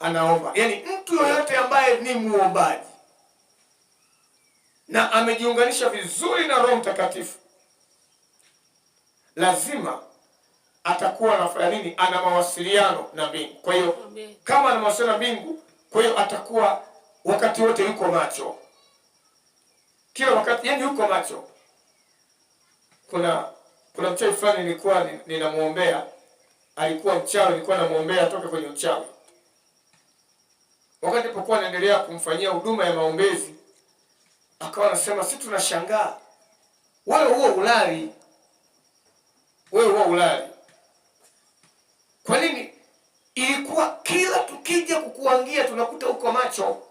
anaomba, yaani mtu yoyote ambaye ni muombaji na amejiunganisha vizuri na Roho Mtakatifu lazima atakuwa anafanya nini? Ana mawasiliano na mbingu. Kwa hiyo kama ana mawasiliano na mbingu, kwa hiyo atakuwa wakati wote yuko macho, kila wakati, yaani yuko macho. Kuna kuna mchawi fulani nilikuwa ninamwombea, alikuwa mchawi, nilikuwa namwombea toka kwenye uchawi Wakati alipokuwa anaendelea kumfanyia huduma ya maombezi, akawa anasema si tunashangaa, wewe huo ulali, wewe huo ulali. Kwa nini? Ilikuwa kila tukija kukuangia tunakuta uko macho,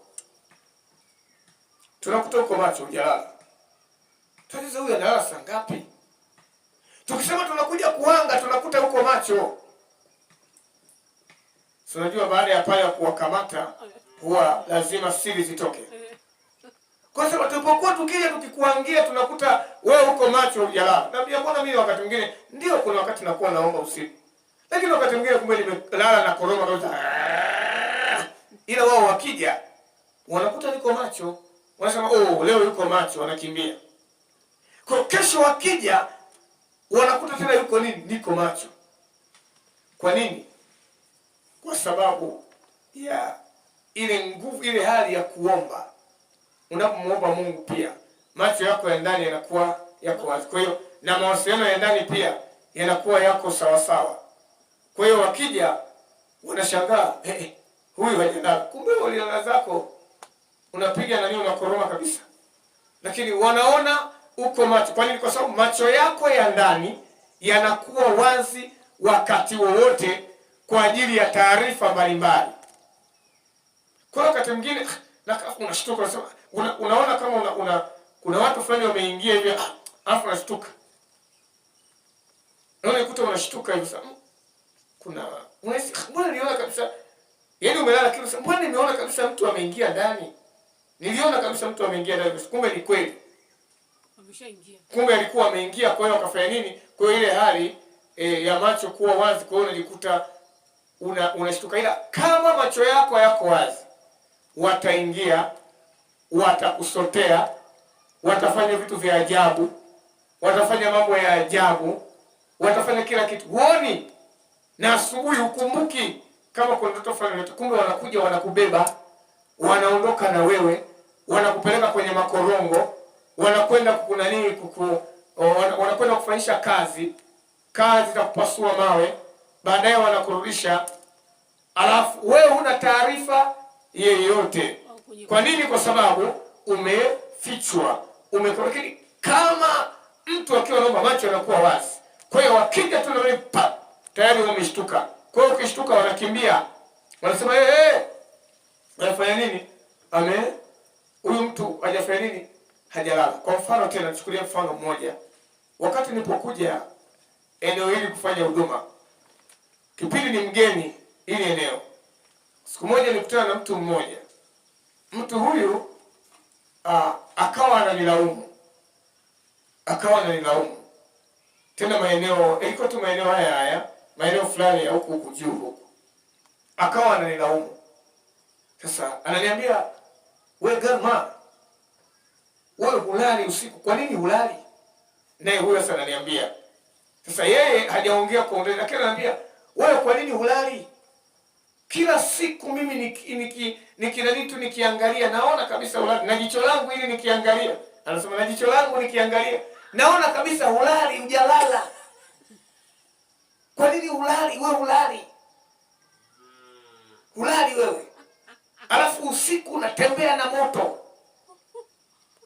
tunakuta uko macho hujalala. Tuuliza, huyu analala saa ngapi? Tukisema tunakuja kuanga tunakuta uko macho. Si unajua baada ya pale ya kuwakamata huwa lazima siri zitoke, kwa sababu tulipokuwa tukija tukikuangia tunakuta wewe uko macho hujalala. Naambia mbona mimi wakati mwingine ndio, kuna wakati nakuwa naomba usiku, lakini wakati mwingine kumbe nimelala na koroma kabisa, ila wao wakija wanakuta niko macho, wanasema oh, leo yuko macho, wanakimbia. Kwa kesho wakija wanakuta tena yuko nini, niko macho. Kwa nini? kwa sababu ya ile nguvu, ile hali ya kuomba. Unapomwomba Mungu pia macho yako ya ndani yanakuwa yako wazi, kwa hiyo na mawasiliano ya ndani pia yanakuwa yako sawasawa. Kwa hiyo wakija wanashangaa, hey, eh, eh, huyu hajana, kumbe ulilala zako unapiga nani, unakoroma kabisa, lakini wanaona uko macho. Kwa nini? Kwa sababu macho yako ya ndani yanakuwa wazi wakati wowote kwa ajili ya taarifa mbalimbali. Kwa wakati mwingine ah, unashtuka, unasema una, unaona kama una, una, kuna watu fulani wameingia hivi, alafu ah, unashtuka, naona kuta unashtuka hivi sasa, mm, kuna unaisi ah, mbona niliona kabisa, yaani umelala kile sasa, mbona nimeona kabisa mtu ameingia ndani, niliona kabisa mtu ameingia ndani, kumbe ni kweli, ameshaingia, kumbe alikuwa ameingia. Kwa hiyo akafanya nini? Kwa hiyo ile hali e, ya macho kuwa wazi, kwa hiyo unajikuta unashtuka ila kama macho yako yako wazi, wataingia watakusotea, watafanya vitu vya ajabu, watafanya mambo ya ajabu, watafanya kila kitu huoni, na asubuhi ukumbuki kama kuna mtoto fulani. Kumbe wanakuja wanakubeba, wanaondoka na wewe, wanakupeleka kwenye makorongo, wanakwenda kukunanii kuku, oh, wanakwenda kufanyisha kazi kazi za kupasua mawe baadaye wanakurudisha, alafu wewe huna taarifa yeyote. Kwa nini? Kwa sababu umefichwa, umekini. Kama mtu akiwa naomba, macho yanakuwa wazi, kwa hiyo wakija tu na pa tayari wameshtuka. Kwa hiyo ukishtuka, wanakimbia, wanasema hey, eh, eh, hey. Anafanya nini? Ame huyu mtu hajafanya nini? Hajalala. Kwa mfano tena, chukulia mfano mmoja, wakati nilipokuja eneo hili kufanya huduma Kipindi ni mgeni ili eneo. Siku moja nilikutana na mtu mmoja, mtu huyu uh, akawa ananilaumu, akawa ananilaumu tena, maeneo iko tu maeneo haya haya, maeneo fulani ya huku huku juu huku, akawa ananilaumu. Sasa ananiambia we Gama, wewe hulali usiku, kwa nini hulali? Naye huyo sasa ananiambia, sasa yeye hajaongea kwa undani, lakini ananiambia wewe kwa nini hulali? Kila siku mimi niki, niki, niki tu nikiangalia naona kabisa hulali na jicho langu ili nikiangalia, anasema na jicho langu nikiangalia naona kabisa hulali, ujalala Kwa nini hulali? Wewe hulali, hulali wewe, alafu usiku unatembea na moto.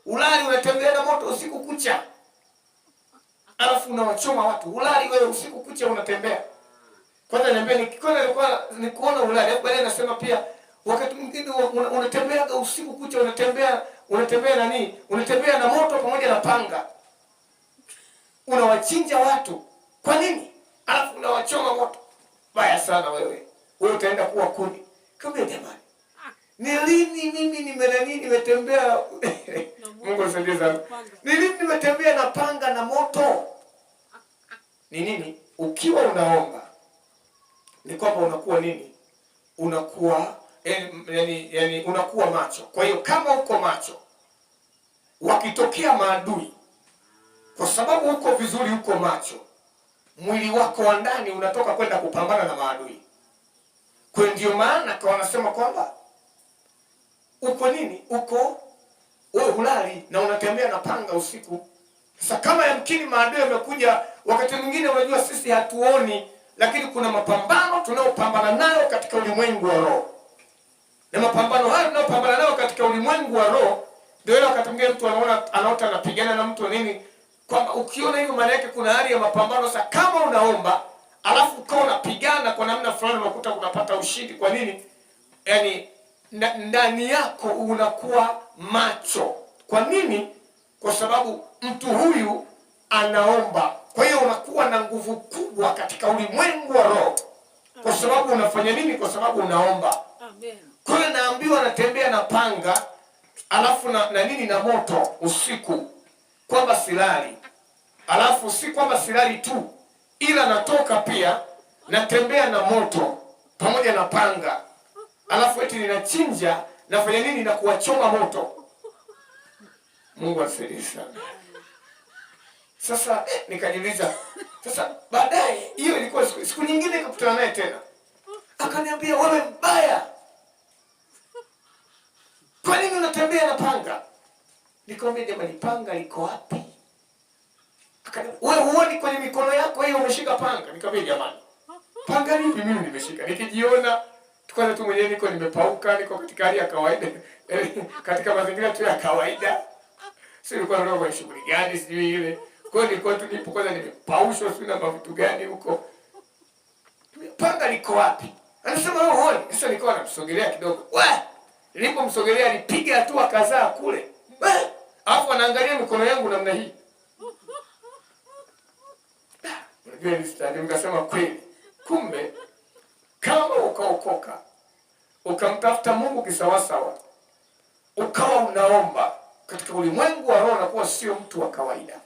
ulali unatembea na moto usiku kucha, alafu unawachoma watu. ulali wewe usiku kucha unatembea kwanza niambia ni kwanza nilikuwa ni kuona ulali. Hapo baadaye nasema pia wakati mwingine unatembea una usiku kucha unatembea unatembea nani? Unatembea na moto pamoja na panga. Unawachinja watu. Kwa nini? Alafu unawachoma moto. Baya sana wewe. Wewe utaenda kuwa kuni. Kama jamani. Ni lini mimi nimelani nimetembea Mungu asaidie sana. Ni lini nimetembea na panga na moto? Ni nini? Ukiwa unaomba ni kwamba unakuwa nini? Unakuwa yani, yani unakuwa macho. Kwa hiyo kama uko macho, wakitokea maadui, kwa sababu uko vizuri, uko macho, mwili wako wa ndani unatoka kwenda kupambana na maadui. Kwa ndio maana kwa wanasema kwamba uko nini, uko wewe hulali na unatembea na panga usiku. Sasa kama yamkini maadui yamekuja, wakati mwingine unajua sisi hatuoni lakini kuna mapambano tunayopambana nayo katika ulimwengu wa roho, na mapambano hayo tunayopambana nayo katika ulimwengu wa roho ndio ile wakati mwingine mtu anaona anaota anapigana na mtu nini, kwamba ukiona hivyo, maana yake kuna hali ya mapambano. Sasa kama unaomba alafu ukawa unapigana kwa namna fulani, unakuta unapata ushindi. Kwa nini? Yani ndani yako unakuwa macho. Kwa nini? Kwa sababu mtu huyu anaomba kwa hiyo unakuwa na nguvu kubwa katika ulimwengu wa roho. Kwa sababu unafanya nini? Kwa sababu unaomba. Kwa hiyo naambiwa natembea na panga alafu na, na nini na moto usiku kwamba silali, alafu si kwamba silali tu, ila natoka pia natembea na moto pamoja na panga, alafu eti ninachinja, nafanya nini na kuwachoma moto. Mungu asifiwe sana. Sasa eh, nikajiuliza sasa. Baadaye hiyo ilikuwa siku, siku nyingine nikakutana naye tena, akaniambia wewe mbaya, kwa nini unatembea na panga? Nikamwambia jamani, panga iko wapi? Akaniambia wewe huoni kwenye mikono yako hiyo umeshika panga? Nikamwambia jamani, panga lipi mimi nimeshika? Nikijiona tukaza tu mwenyewe niko nimepauka, niko katika hali ya kawaida katika mazingira tu ya kawaida, si sio roho ya shughuli gani sijui ile kwa hiyo nilikuwa tu nipo kwanza, nimepaushwa sio na mavitu gani huko, nimepanga liko wapi? Anasema roho hoi. Sasa nilikuwa namsogelea kidogo, we, nilipomsogelea nipiga hatua kadhaa kule, we, eh. alafu anaangalia mikono yangu namna hii, ah, unajua ni stadi. Nikasema kweli, kumbe kama ukaokoka ukamtafuta Mungu kisawasawa, ukawa unaomba katika ulimwengu wa roho, nakuwa sio mtu wa kawaida.